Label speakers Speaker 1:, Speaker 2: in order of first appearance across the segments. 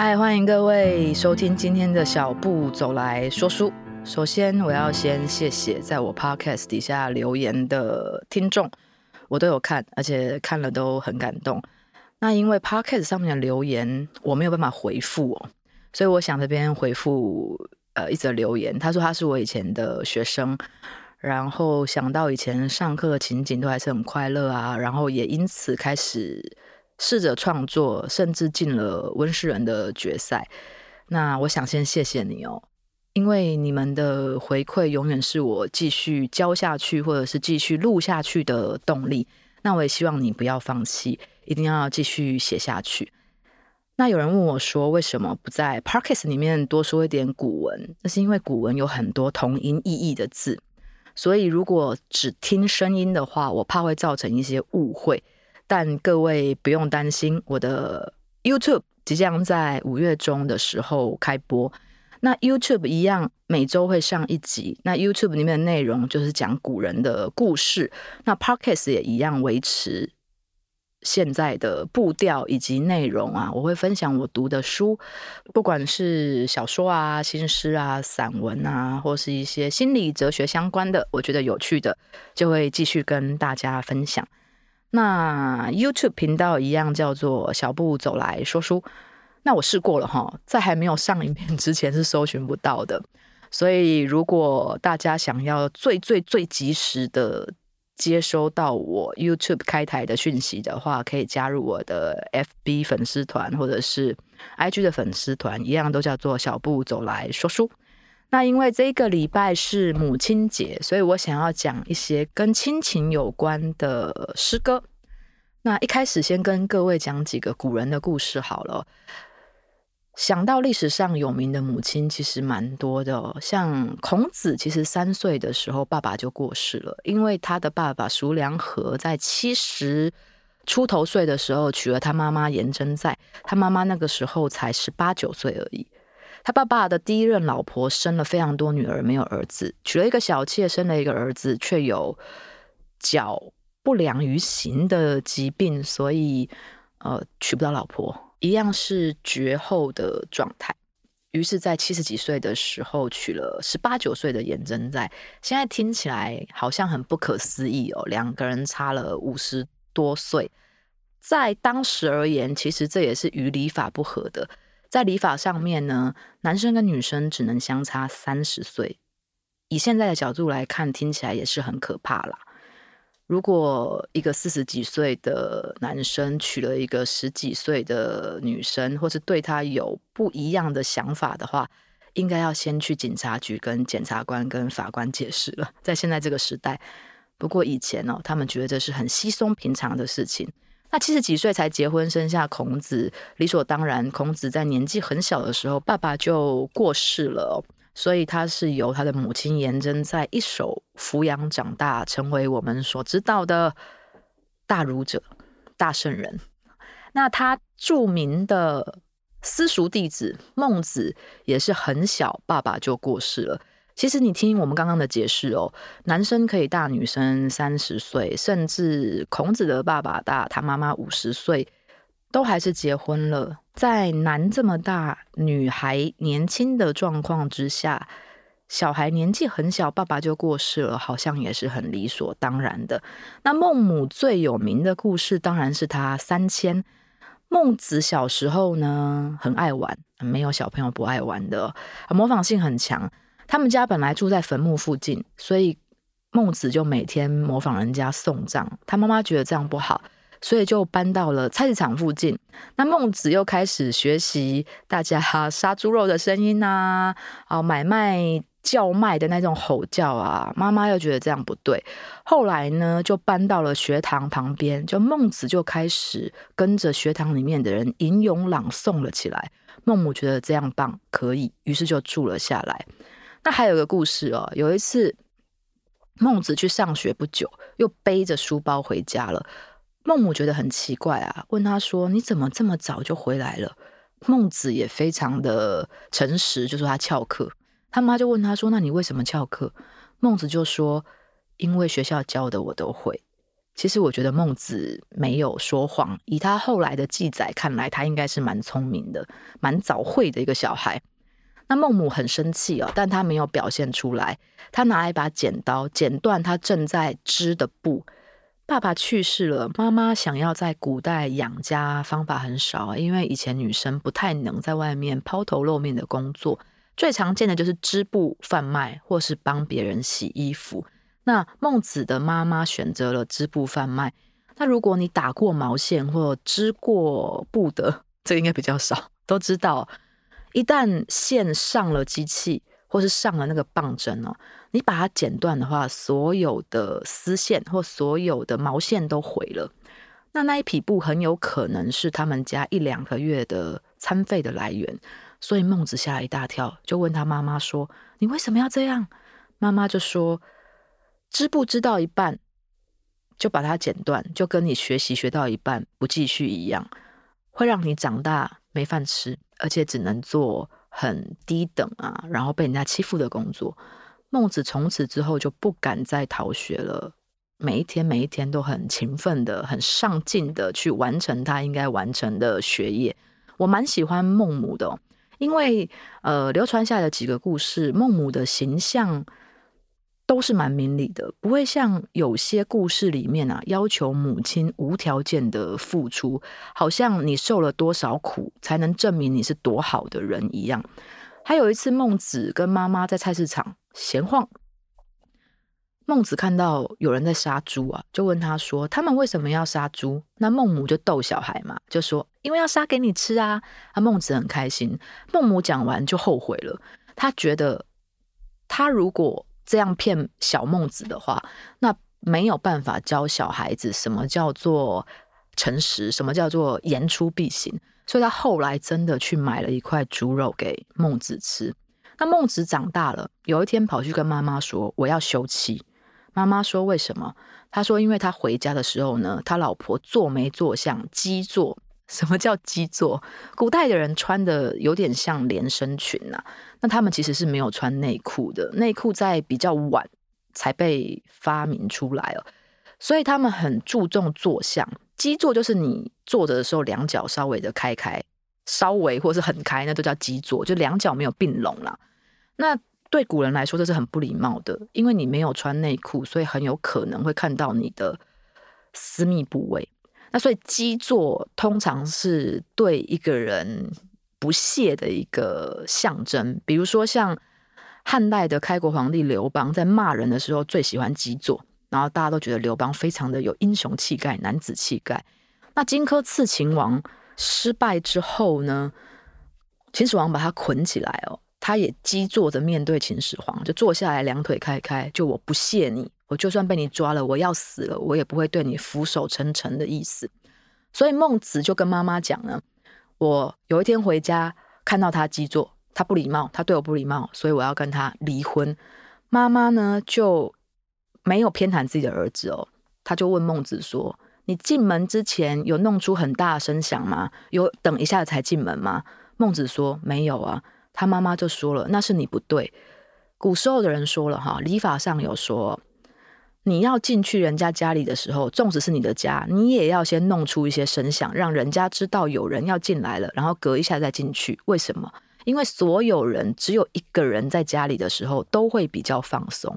Speaker 1: 嗨，歡迎各位收聽今天的小步走來說書。首先，我要先謝謝在我 podcast 底下留言的聽眾，我都有看，而且看了都很感動。那因為 podcast 上面的留言我沒有辦法回復哦，所以我想這邊回復呃一則留言，他說他是我以前的學生，然後想到以前上課的情景都還是很快樂啊，然後也因此開始，試着創作，甚至進了溫世仁的決賽。那我想先謝謝你哦，因為你們的回饋永遠是我繼續教下去或者是繼續錄下去的動力。那我也希望你不要放棄，一定要繼續寫下去。那有人問我說，為什麼不在 Parks 裡面多說一點古文？那是因為古文有很多同音異義的字，所以如果只聽聲音的話，我怕會造成一些誤會。但各位不用擔心，我的 YouTube 即將在五月中的時候開播。那 YouTube 一樣，每周會上一集。那 YouTube 裡面的內容就是講古人的故事。那 Podcast 也一樣維持現在的步調以及內容啊。我會分享我讀的書，不管是小說啊、新詩啊、散文啊，或是一些心理哲學相關的，我覺得有趣的，就會繼續跟大家分享。那 YouTube 頻道一樣叫做“小步走來說書”，那我試過了哈，在還沒有上影片之前是搜尋不到的。所以如果大家想要最最最及時的接收到我 YouTube 開台的訊息的話，可以加入我的 FB 粉絲團或者是 IG 的粉絲團，一樣都叫做“小步走來說書”。那因為這一個禮拜是母親節，所以我想要講一些跟親情有關的詩歌。那一開始先跟各位講幾個古人的故事好了。想到歷史上有名的母親，其實蠻多的，哦。像孔子，其實三歲的時候，爸爸就過世了，因為他的爸爸叔梁紇在七十出頭歲的時候娶了他媽媽顏徵在，他媽媽那個時候才十八九歲而已。他爸爸的第一任老婆生了非常多女兒，沒有兒子，娶了一個小妾，生了一個兒子，卻有腳不良於行的疾病，所以呃娶不到老婆，一樣是絕後的狀態。於是，在七十幾歲的時候娶了十八九歲的顏徵在，現在聽起來好像很不可思議哦，兩個人差了五十多歲，在當時而言，其實這也是與禮法不合的。在禮法上面呢，男生跟女生只能相差三十歲。以現在的角度來看，聽起來也是很可怕啦。如果一個四十幾歲的男生娶了一個十幾歲的女生，或是對他有不一樣的想法的話，應該要先去警察局跟檢察官、跟法官解釋了。在現在這個時代，不過以前哦，他們覺得這是很稀鬆平常的事情。那七十幾歲才結婚生下孔子，理所當然。孔子在年紀很小的時候，爸爸就過世了，所以他是由他的母親顏徵在一手撫養長大，成為我們所知道的大儒者、大聖人。那他著名的私淑弟子孟子，也是很小，爸爸就過世了。其實你聽我們剛剛的解釋哦，男生可以大女生三十歲，甚至孔子的爸爸大他媽媽五十歲，都還是結婚了。在男這麼大、女孩年輕的狀況之下，小孩年紀很小，爸爸就過世了，好像也是很理所當然的。那孟母最有名的故事當然是她三遷。孟子小時候呢，很愛玩，沒有小朋友不愛玩的，模仿性很強。他們家本來住在墳墓附近，所以孟子就每天模仿人家送葬。他媽媽覺得這樣不好，所以就搬到了菜市場附近。那孟子又開始學習大家殺豬肉的聲音啊，啊，買賣叫賣的那種吼叫啊。媽媽又覺得這樣不對，後來呢，就搬到了學堂旁邊。就孟子就開始跟着學堂裡面的人吟詠朗誦了起來。孟母覺得這樣棒，可以，於是就住了下來。那還有一個故事哦，有一次，孟子去上學不久，又背着書包回家了。孟母覺得很奇怪啊，問他說：“你怎麼這麼早就回來了？”孟子也非常的誠實，就說他翹課。他媽就問他說：“那你為什麼翹課？”孟子就說：“因為學校教的我都會。”其實我覺得孟子沒有說謊，以他後來的記載看來，他應該是蠻聰明的、蠻早慧的一個小孩。那孟母很生氣哦，但她沒有表現出來。她拿一把剪刀剪斷她正在織的布。爸爸去世了，媽媽想要在古代養家方法很少，因為以前女生不太能在外面拋頭露面的工作。最常見的就是織布販賣，或是幫別人洗衣服。那孟子的媽媽選擇了織布販賣。那如果你打過毛線或織過布的，這應該比較少，都知道。一旦線上了機器，或是上了那個棒針哦，你把它剪斷的話，所有的絲線或所有的毛線都毀了。那那一匹布很有可能是他們家一兩個月的餐費的來源，所以孟子嚇一大跳，就問他媽媽說：“你為什麼要這樣？”媽媽就說：“織布織到一半就把它剪斷，就跟你學習學到一半不繼續一樣，會讓你長大。”沒飯吃，而且只能做很低等啊，然後被人家欺負的工作。孟子從此之後就不敢再逃學了，每一天每一天都很勤奮的、很上進的去完成他應該完成的學業。我蠻喜歡孟母的哦，因為呃流傳下來的幾個故事，孟母的形象。都是蠻明理的，不會像有些故事裡面啊，要求母親無條件的付出，好像你受了多少苦，才能證明你是多好的人一樣。還有一次，孟子跟媽媽在菜市場閒晃，孟子看到有人在殺豬啊，就問他說：“他們為什麼要殺豬？”那孟母就逗小孩嘛，就說：“因為要殺給你吃啊。”啊，孟子很開心。孟母講完就後悔了，他覺得他如果，這樣騙小孟子的話，那沒有辦法教小孩子什麼叫做誠實，什麼叫做言出必行。所以他後來真的去買了一塊豬肉給孟子吃。那孟子長大了，有一天跑去跟媽媽說：“我要休妻。”媽媽說：“為什麼？”他說：“因為他回家的時候呢，他老婆坐沒坐相，箕坐。”什麼叫箕踞？古代的人穿的有點像連身裙吶、啊，那他們其實是沒有穿內褲的。內褲在比較晚才被發明出來哦。所以他們很注重坐相。箕踞就是你坐着的時候，兩腳稍微的開開，稍微或是很開，那都叫箕踞，就兩腳沒有並攏了。那對古人來說，這是很不禮貌的，因為你沒有穿內褲，所以很有可能會看到你的私密部位。那所以，箕坐通常是對一個人不屑的一個象徵。比如說，像漢代的開國皇帝劉邦，在罵人的時候最喜歡箕坐，然後大家都覺得劉邦非常的有英雄氣概、男子氣概。那荊軻刺秦王失敗之後呢，秦始皇把他捆起來哦，他也箕坐的面對秦始皇，就坐下來，兩腿開開，就我不屑你。我就算被你抓了，我要死了，我也不會對你俯首稱臣的意思。所以孟子就跟媽媽講呢，我有一天回家看到他箕坐，他不禮貌，他對我不禮貌，所以我要跟他離婚。媽媽呢就沒有偏袒自己的兒子哦，他就問孟子說：“你進門之前有弄出很大的聲響嗎？有等一下才進門嗎？”孟子說：“沒有啊。”他媽媽就說了：“那是你不對。”古時候的人說了哈，禮法上有說。你要進去人家家裡的時候，縱使是你的家，你也要先弄出一些聲響，讓人家知道有人要進來了，然後隔一下再進去。為什麼？因為所有人只有一個人在家裡的時候，都會比較放鬆，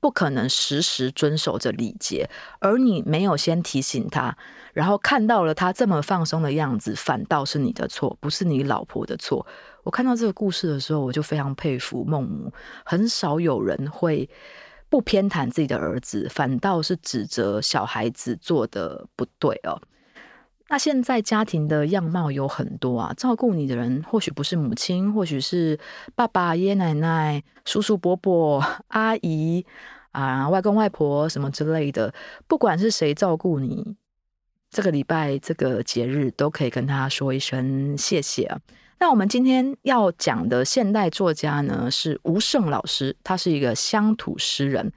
Speaker 1: 不可能時時遵守着禮節。而你沒有先提醒他，然後看到了他這麼放鬆的樣子，反倒是你的錯，不是你老婆的錯。我看到這個故事的時候，我就非常佩服孟母，很少有人會。不偏袒自己的兒子，反倒是指責小孩子做的不對哦。那現在家庭的樣貌有很多啊，照顧你的人或許不是母親，或許是爸爸、爺爺奶奶、叔叔伯伯、阿姨啊、呃、外公外婆什麼之類的。不管是誰照顧你，這個禮拜這個節日都可以跟他說一聲謝謝啊。那我們今天要講的現代作家呢，是吳晟老師，他是一個鄉土詩人。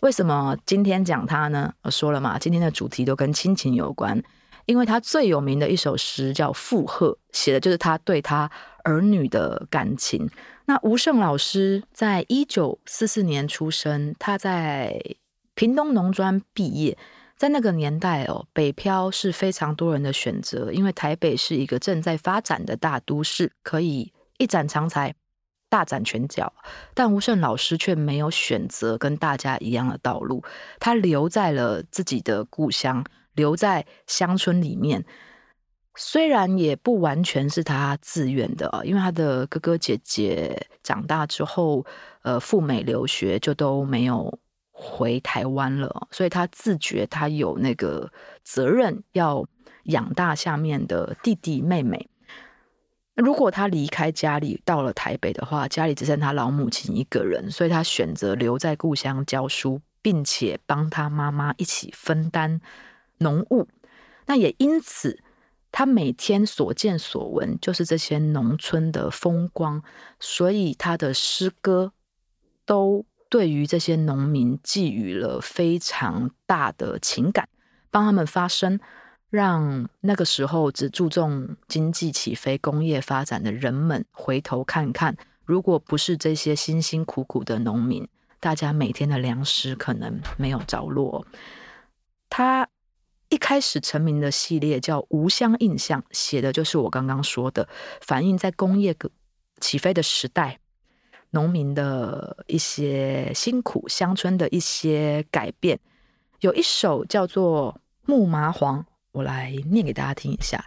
Speaker 1: 為什麼今天講他呢？我說了嘛，今天的主題都跟親情有關，因為他最有名的一首詩叫《負荷》，寫的就是他對他兒女的感情。那吳晟老師在一九四四年出生，他在屏東農專畢業。在那個年代哦，北漂是非常多人的選擇，因為台北是一個正在發展的大都市，可以一展長才、大展拳腳。但吳晟老師卻沒有選擇跟大家一樣的道路，他留在了自己的故鄉，留在鄉村裡面。雖然也不完全是他自願的，因為他的哥哥姐姐長大之後，呃，赴美留學就都沒有。回台灣了，所以他自覺他有那個責任要養大下面的弟弟妹妹。如果他離開家裡到了台北的話，家裡只剩他老母親一個人，所以他選擇留在故鄉教書，並且幫他媽媽一起分擔農務。那也因此，他每天所見所聞就是這些農村的風光，所以他的詩歌都對於這些農民寄予了非常大的情感，幫他們發聲，讓那個時候只注重經濟起飛、工業發展的人們回頭看看，如果不是這些辛辛苦苦的農民，大家每天的糧食可能沒有着落。他一開始成名的系列叫《吾鄉印象》，寫的就是我剛剛說的，反映在工業起飛的時代。農民的一些辛苦，鄉村的一些改變，有一首叫做《木麻黃》，我來念給大家聽一下。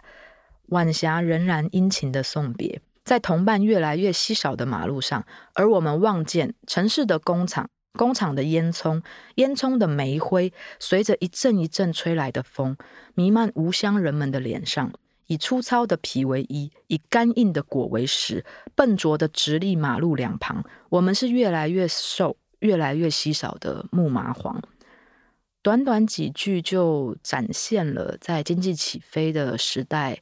Speaker 1: 晚霞仍然殷勤的送別，在同伴越來越稀少的馬路上，而我們望見城市的工廠，工廠的煙囪，煙囪的煤灰，隨着一陣一陣吹來的風，瀰漫吾鄉人們的臉上。以粗糙的皮為衣，以乾硬的果為食，笨拙的直立馬路兩旁，我們是越來越瘦，越來越稀少的木麻黃。短短幾句就展現了在經濟起飛的時代，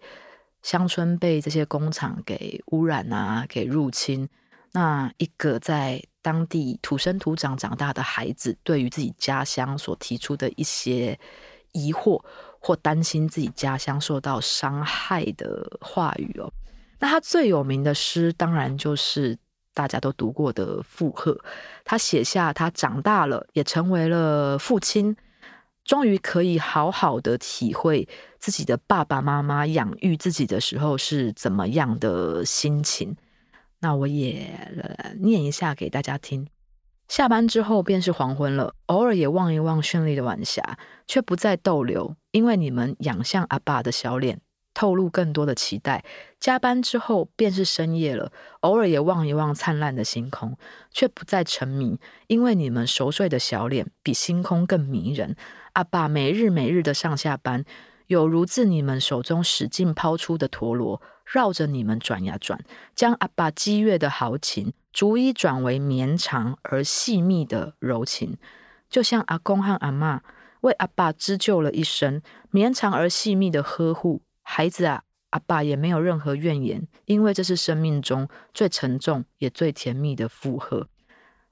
Speaker 1: 鄉村被這些工廠給污染啊，給入侵。那一個在當地土生土長長大的孩子，對於自己家鄉所提出的一些疑惑。或擔心自己家鄉受到傷害的話語哦，那他最有名的詩當然就是大家都讀過的《負荷》。他寫下他長大了，也成為了父親，終於可以好好的體會自己的爸爸媽媽養育自己的時候是怎麼樣的心情。那我也念一下給大家聽。下班之後便是黃昏了，偶爾也望一望絢麗的晚霞，卻不再逗留，因為你們仰向阿爸的小臉，透露更多的期待。加班之後便是深夜了，偶爾也望一望燦爛的星空，卻不再沉迷，因為你們熟睡的小臉比星空更迷人。阿爸每日每日的上下班。有如自你們手中使勁拋出的陀螺，繞着你們轉呀轉，將阿爸激越的豪情，逐一轉為綿長而細密的柔情。就像阿公和阿嬤為阿爸織就了一生綿長而細密的呵護。孩子啊，阿爸也沒有任何怨言，因為這是生命中最沉重也最甜蜜的負荷。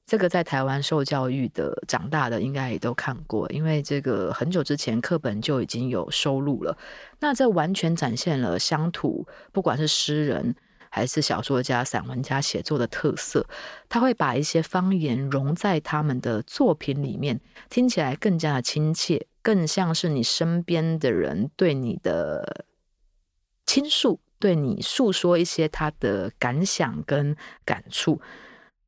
Speaker 1: 這個在台灣受教育的、長大的應該也都看過，因為這個很久之前課本就已經有收錄了。那這完全展現了鄉土，不管是詩人還是小說家、散文家寫作的特色，他會把一些方言融在他們的作品裡面，聽起來更加的親切，更像是你身邊的人對你的傾訴，對你訴說一些他的感想跟感觸。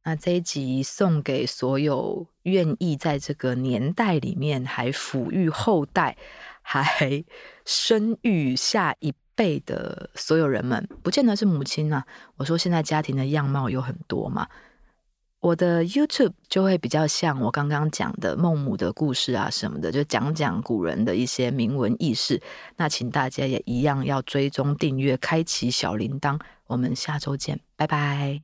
Speaker 1: 那這一集送給所有願意在這個年代裡面還撫育後代、還生育下一輩的所有人們，不見得是母親呢、啊。我說現在家庭的樣貌有很多嘛，我的 YouTube 就會比較像我剛剛講的孟母的故事啊什麼的，就講講古人的一些銘文軼事。那請大家也一樣要追蹤、訂閱、開啟小鈴鐺，我們下周見，拜拜。